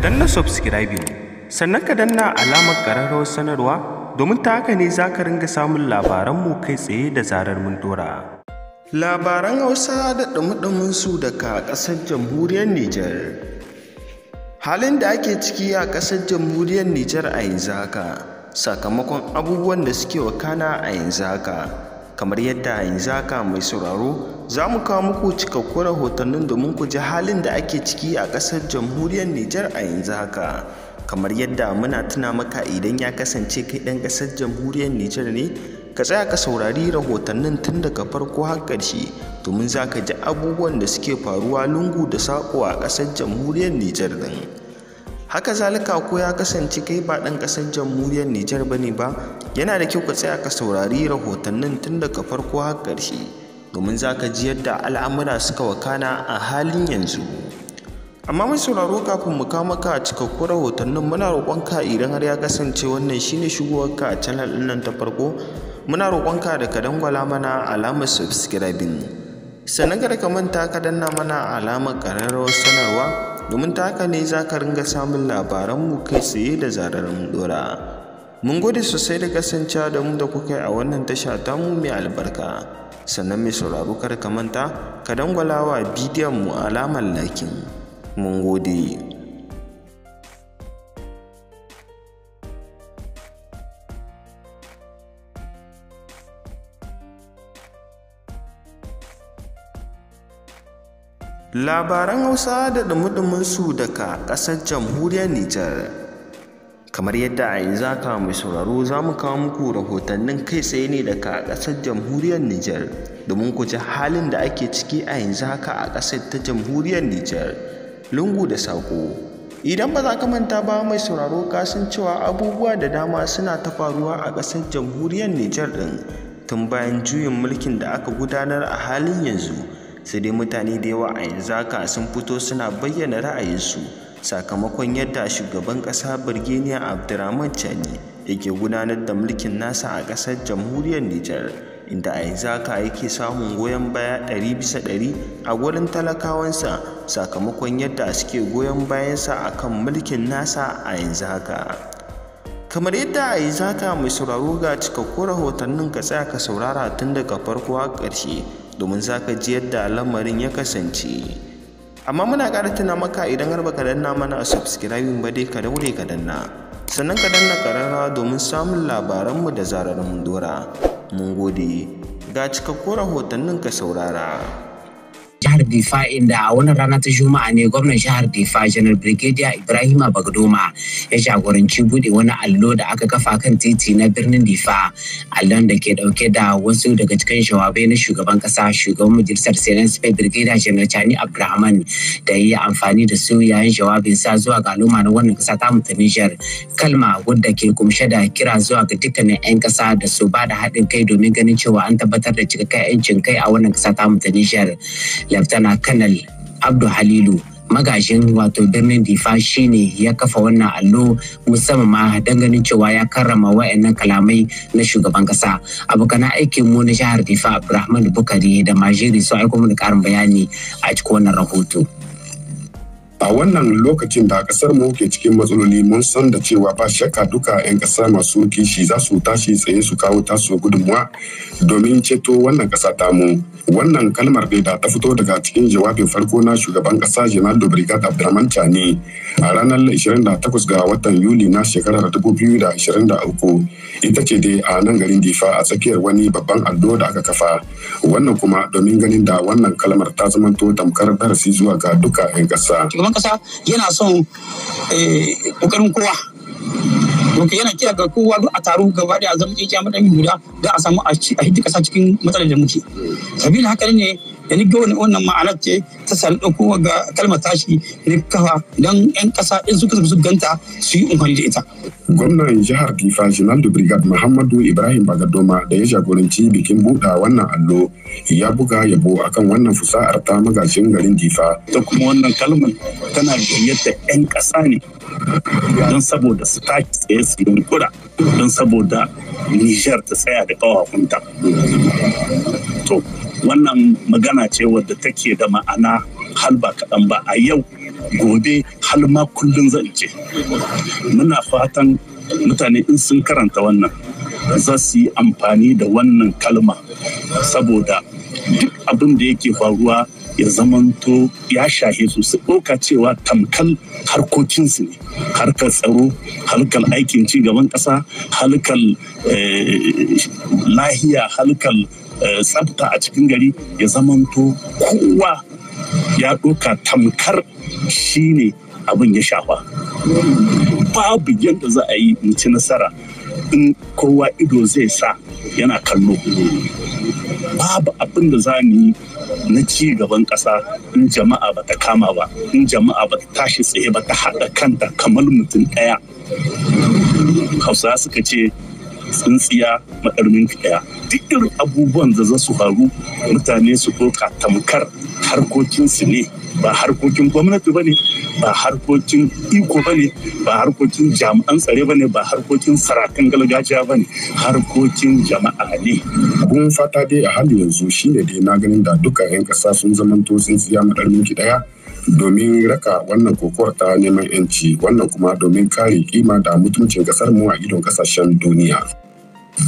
danna subscribing sannan ka danna alamar ƙararrawar sanarwa domin ta haka ne za ka ringa samun labaranmu kai tsaye da zarar mun dora. Labaran Hausa da ɗumi su daga ƙasar jamhuriyar Nijar. Halin da ake ciki a ƙasar jamhuriyar Nijar a yanzu haka sakamakon abubuwan da suke wakana a yanzu haka. kamar yadda yanzu haka mai sauraro za mu kawo muku cikakkun rahotannin domin ku ji halin da ake ciki a ƙasar jamhuriyar Nijar a yanzu haka. Kamar yadda muna tuna maka idan ya kasance kai ɗan ƙasar jamhuriyar Nijar ne, ka tsaya ka saurari rahotannin tun daga farko har ƙarshe domin za ka ji abubuwan da suke faruwa lungu da saƙo a ƙasar jamhuriyar Nijar din. Haka zalika ko ya kasance kai ba ɗan ƙasar jamhuriyar Nijar ba ne ba, yana da kyau ka tsaya ka saurari rahotannin tun daga farko har ƙarshe domin za ka ji yadda al'amura suka wakana a halin yanzu amma mai sauraro kafin mu kawo maka cikakkun rahotannin muna ka idan har ya kasance wannan shine shigowarka a channel ɗin nan ta farko muna ka da ka dangwala mana alamar subscribing sannan kada ka manta ka danna mana alamar ƙararrawar sanarwa domin ta haka ne za ka ringa samun labaranmu kai tsaye da zararen dora mun gode sosai da kasancewa da mu da kuka yi a wannan tasha mu mai albarka sannan mai sauraro kar ka manta ka dangwala wa bidiyon mu alamar lakin mun gode labaran hausa da dumudumin su daga ƙasar jamhuriyar nijar kamar yadda a yanzu aka mai sauraro za mu kawo muku rahotannin kai tsaye ne daga ƙasar jamhuriyar niger domin ku ji halin da ake ciki a yanzu haka a ƙasar ta jamhuriyar Nijar lungu da saƙo idan ba za ka manta ba mai sauraro kasan cewa abubuwa da dama suna ta faruwa a ƙasar jamhuriyar niger din tun bayan juyin mulkin da aka gudanar a halin yanzu sai dai mutane da yawa a yanzu haka sun fito suna bayyana ra'ayinsu sakamakon yadda shugaban ƙasa birginiya abdurrahman chani yake gudanar da mulkin nasa a ƙasar jamhuriyar nijar inda a yanzu haka yake samun goyon baya ɗari a gurin talakawansa sakamakon yadda suke goyon bayansa a kan mulkin nasa a yanzu haka kamar yadda a yanzu haka mai sauraro ga cikakkun rahotannin ka tsaya ka saurara tun daga farko a ƙarshe domin za ka ji yadda lamarin ya kasance amma muna ƙara tuna maka idan har baka danna mana a subscribe ba dai ka daure ka danna sannan ka danna ƙararrawa domin samun labaranmu da zarar mun dora mun gode ga cikakkun rahotannin ka saurara jihar Difa inda a wani rana ta Juma'a ne gwamnan jihar Difa Janar Brigadier Ibrahima Bagdoma ya jagoranci bude wani allo da aka kafa kan titi na birnin Difa. Allon da ke dauke da wasu daga cikin jawabai na shugaban kasa shugaban majalisar Senan Spain Brigadier Janar Chani Abdulrahman da ya amfani da su yayin jawabin sa zuwa ga al'umma na wannan kasa ta Mutanen Niger. Kalma wadda ke kumshe da kira zuwa ga dukkanin 'yan kasa da su ba da haɗin kai domin ganin cewa an tabbatar da cikakken 'yancin kai a wannan kasa ta Mutanen Niger. laftana kanal abdu halilu magajin wato birnin difa shine ya kafa wannan allo musamman ma don ganin cewa ya karrama wa'annan kalamai na shugaban kasa abokan aikin mu na jihar difa abdulrahman bukari da majiri su aiko mu da karin bayani a cikin wannan rahoto. a wannan lokacin da kasar mu ke cikin matsaloli mun san da cewa ba shakka duka 'yan kasa masu kishi za su tashi tsaye su kawo tasu gudunmuwa domin ceto wannan kasa tamu wannan kalmar dai da ta fito daga cikin jawabin farko na shugaban kasa Ronaldo Brigade Abdurrahman Chani a ranar 28 ga watan Yuli na shekarar 2023 ita ce dai a nan garin Difa a tsakiyar wani babban allo da aka kafa wannan kuma domin ganin da wannan kalmar ta zamanto tamkar darasi zuwa ga duka 'yan kasa. shugaban kasa yana son eh, kokarin kowa Doki yana kira ga kowa duk a taro gaba da zama tsinkiya madan guda da a samu a hidda kasa cikin matsalar da muke. da haka ne da ni wannan ma'anar ce ta sani ɗauko ga kalmar tashi ni kafa 'yan ƙasa in suka su ganta su yi umarni da ita. Gwamnan jihar Difa General Brigade Muhammadu Ibrahim Bagadoma da ya jagoranci bikin buɗa wannan allo ya buga yabo akan wannan fusa'ar ta magajin garin Difa. Ta kuma wannan kalmar tana gayyatar 'yan ƙasa ne don saboda su taki tsaye su kura don saboda Nijar ta tsaya da ƙawafunta. wannan magana ce wadda take da ma'ana hal ba kaɗan ba a yau gobe hal ma kullum zan ce muna fatan mutane in sun karanta wannan za su yi amfani da wannan kalma saboda duk abin da yake faruwa ya zamanto ya shahe su su ɗauka cewa tamkal harkokinsu ne harkar tsaro harkar aikin ci gaban ƙasa harkar eh, lahiya harkar Eh, tsafta a cikin gari ya zamanto kowa ya ɗauka tamkar shine abin ya shafa babu yadda za a yi ci nasara in kowa ido zai sa yana kallo babu abin da za mu na ci gaban ƙasa in jama'a ba ta kama ba in jama'a ba ta tashi tsaye ba ta haɗa kanta kamar mutum ɗaya hausa suka ce tsintsiya maɗarmin kaya duk irin abubuwan da za su faru mutane su ɗauka tamkar harkokinsu ne ba harkokin gwamnati ba ne ba harkokin iko ba ne ba harkokin jami'an tsare ba ne ba harkokin sarakan gargajiya ba ne harkokin jama'a ne. abun fata dai a hali yanzu shine dai na ganin da duka 'yan ƙasa sun zamanto tsintsiya maɗarmin ki ɗaya domin raka wannan kokowar ta neman yanci wannan kuma domin kare kima da mutuncin kasar mu a idon kasashen duniya.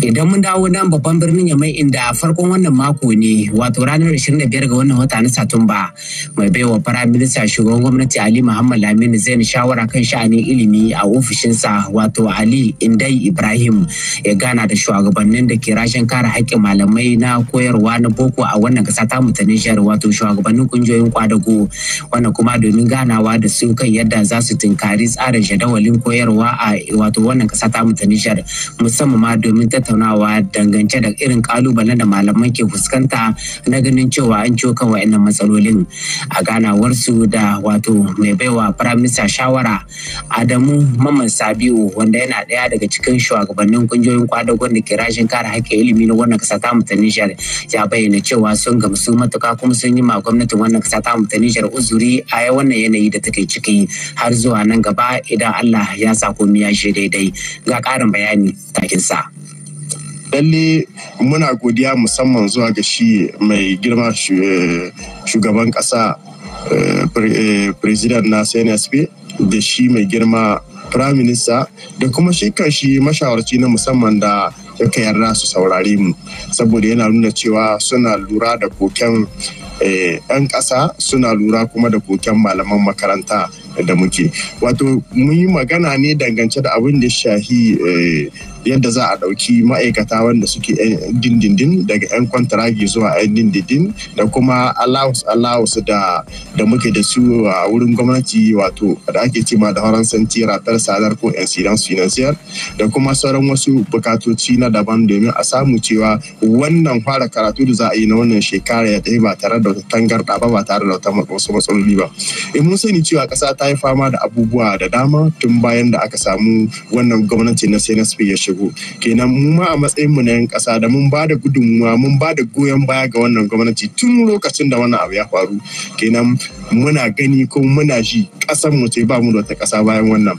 Idan mun dawo nan babban birnin ya mai inda farkon wannan mako ne wato ranar 25 ga wannan wata na Satumba mai baiwa fara Minista shugaban gwamnati Ali Muhammad Lamini zai shawara kan sha'anin ilimi a ofishinsa wato Ali Indai Ibrahim ya gana da shugabannin da ke rashin kare haƙƙin malamai na koyarwa na boko a wannan ƙasa ta mu Nijar wato shugabannin kungiyoyin kwadago wannan kuma domin ganawa da su kan yadda za su tunkari tsarin jadawalin koyarwa a wato wannan ƙasa ta mu Nijar musamman ma domin tattaunawa dangance da irin kalubalen da malaman ke fuskanta na ganin cewa an ciwo kan wa'annan matsalolin a ganawarsu da wato mai baiwa firaminista shawara adamu maman sabiu wanda yana ɗaya daga cikin shugabannin kungiyoyin kwadagon da ke rashin kare haƙƙin ilimi na wannan ƙasa ta mutane nijar ya bayyana cewa sun gamsu matuka kuma sun yi ma gwamnatin wannan ƙasa ta mutane nijar uzuri a wannan yanayi da take ciki har zuwa nan gaba idan allah ya sa komi ya shi daidai ga ƙarin bayani takin sa. lalle muna godiya musamman zuwa ga shi mai girma eh, shugaban ƙasa eh, eh, president na cnsp da shi mai girma prime minister da kuma shi kan shi mashawarci na musamman da suka yarda su saurare mu saboda yana nuna cewa suna lura da koken 'yan ƙasa suna lura kuma da koken malaman makaranta da muke wato mun yi magana ne dangance da abin da shahi yadda za a ɗauki ma'aikata wanda suke yan dindindin daga yan kwantaragi zuwa yan dindindin da kuma allahus da da muke da su a wurin gwamnati wato da ake cima da faransanci ratar sadar ko incidence financier da kuma sauran wasu bukatoci na daban domin a samu cewa wannan fara karatu da za a yi na wannan shekara ya tafi ba tare da wata tangarɗa ba ba tare da wata wasu matsaloli ba in eh, mun sani cewa ƙasa ta yi fama da abubuwa da dama tun bayan da aka samu wannan gwamnati na sai na shigo kenan mu ma a matsayin mu na yan kasa da mun bada da gudunmuwa mun ba da goyon baya ga wannan gwamnati tun lokacin da wannan abu ya faru kenan muna gani ko muna ji ƙasar mu ce ba mu da wata ƙasa bayan wannan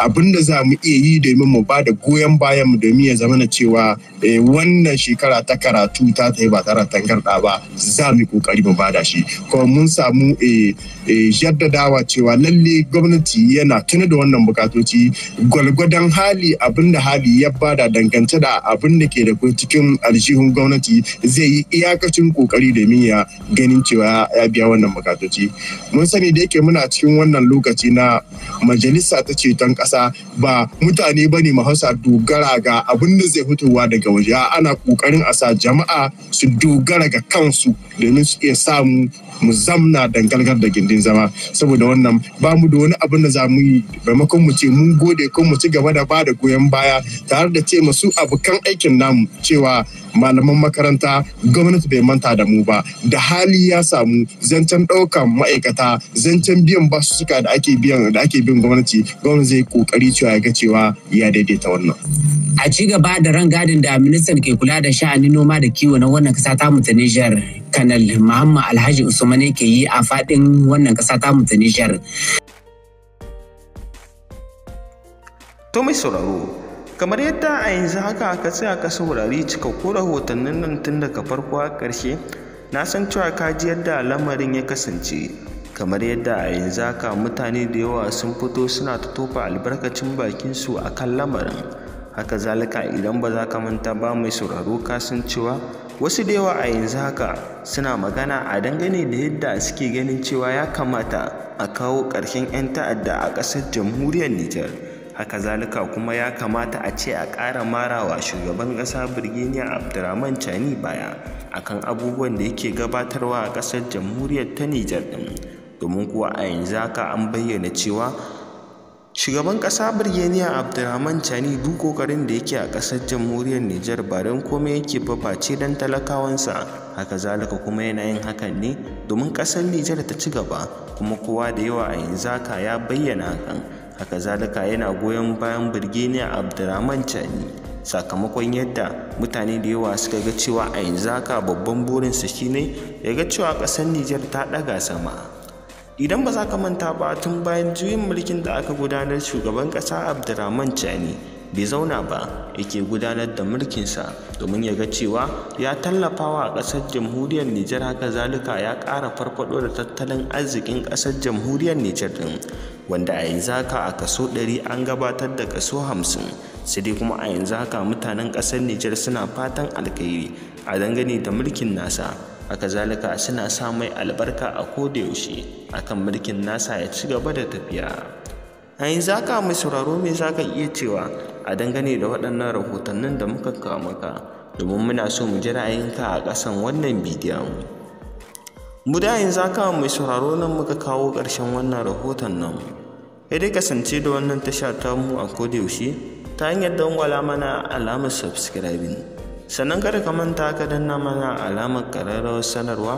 abin da za mu iya yi domin mu ba da goyon bayan mu domin ya zama cewa eh, wannan shekara ta karatu ta ta yi ba tare da tangarɗa ba za mu kokari mu bada shi kuma mun samu eh, eh, jaddadawa cewa lalle gwamnati yana tuna da wannan bukatoci gwalgwadan hali abin da hali ya bada dangance da abin da ke da cikin aljihun gwamnati zai yi iyakacin kokari domin ya ganin cewa ya biya wannan bukatoci mun sani da yake muna cikin wannan lokaci na majalisa ta ceton ƙasa ba mutane ba ne mahausa dogara ga abin da zai fitowa daga waje ana ƙoƙarin a sa jama'a su dogara ga kansu domin su iya samu mu zamna dangalgar da gindin zama saboda wannan ba mu da wani abin da za mu yi maimakon mu ce mun gode ko mu ci gaba da bada goyon baya tare da ce masu abokan aikin namu cewa malaman makaranta gwamnati bai manta da mu ba da hali ya samu zancen ɗaukan ma'aikata zancen biyan suka da ake biyan da ake biyan gwamnati gwamnati zai kokari cewa ya ga cewa ya daidaita wannan a ci gaba da rangadin da ministan ke kula da sha'anin noma da kiwo na wannan kasa ta mu Niger kanal Muhammad Alhaji Usmane ke yi a fadin wannan kasa ta mu Niger to mai sauraro kamar yadda a yanzu haka aka tsaya ka saurari ko rahotannin nan tun daga farko a ƙarshe na san cewa ka ji yadda lamarin ya kasance kamar yadda a yanzu haka mutane da yawa sun fito suna ta tofa albarkacin bakinsu a kan lamarin haka zalika idan ba za ka manta ba mai sauraro ka san cewa wasu da yawa a yanzu haka suna magana a dangane da yadda suke ganin cewa ya kamata a kawo ƙarshen 'yan ta'adda a ƙasar jamhuriyar nijar haka zalika kuma ya kamata a ce a ƙara marawa shugaban ƙasa birginiya abdurrahman chani baya akan abubuwan da yake gabatarwa a ƙasar jamhuriyar ta nijar ɗin domin kuwa a yanzu haka an bayyana cewa shugaban ƙasa birgeniya abdurrahman chani duk ƙoƙarin da yake a ƙasar jamhuriyar nijar ba don komai yake face don talakawansa haka zalika kuma yana yin hakan ne domin ƙasar nijar ta ci gaba kuma kowa da yawa a yanzu haka ya bayyana hakan haka zalika yana goyon bayan birginiya abdurrahman chani sakamakon yadda mutane da yawa suka ga cewa a yanzu haka babban burinsa shine ya ga cewa ƙasar nijar ta ɗaga sama idan ba za ka manta ba tun bayan juyin mulkin da aka gudanar shugaban ƙasa abdurrahman chani bai zauna ba yake gudanar da mulkinsa domin ya ga cewa ya tallafawa a ƙasar jamhuriyar Nijar haka zalika ya ƙara farfaɗo da tattalin arzikin ƙasar jamhuriyar Nijar ɗin wanda a yanzu haka a kaso ɗari an gabatar da kaso hamsin sai dai kuma a yanzu haka mutanen ƙasar Nijar suna fatan alkairi a dangane da mulkin nasa haka zalika suna sa mai albarka a kodayaushe akan mulkin nasa ya ci gaba da tafiya. a za ka mai sauraro me za ka iya cewa a dangane da waɗannan rahotannin da muka kawo maka domin muna so mu ji ra'ayinka a ƙasan wannan bidiyon mu da yin za ka mai sauraro nan muka kawo ƙarshen wannan rahoton nan ya dai kasance da wannan tasha ta mu a kodayaushe ta hanyar dangwala mana alamar subscribing sannan kada ka manta ka danna mana alamar ƙararrawar sanarwa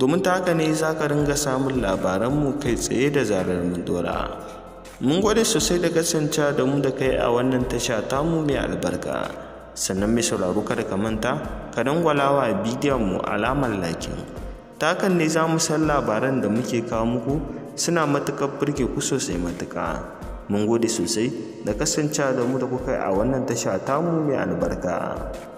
domin ta haka ne za ka ringa samun labaran mu kai tsaye da zarar mu dora mun gode sosai da kasance da mu da kai a wannan tasha tamu mai albarka sannan mai sauraro kada ka manta ka dangwalawa bidiyon mu alamar lakin takan ne za mu san labaran da muke kawo muku suna matuƙar burge ku sosai matuƙa mun gode sosai da kasance da mu da kuka a wannan tasha tamu mai albarka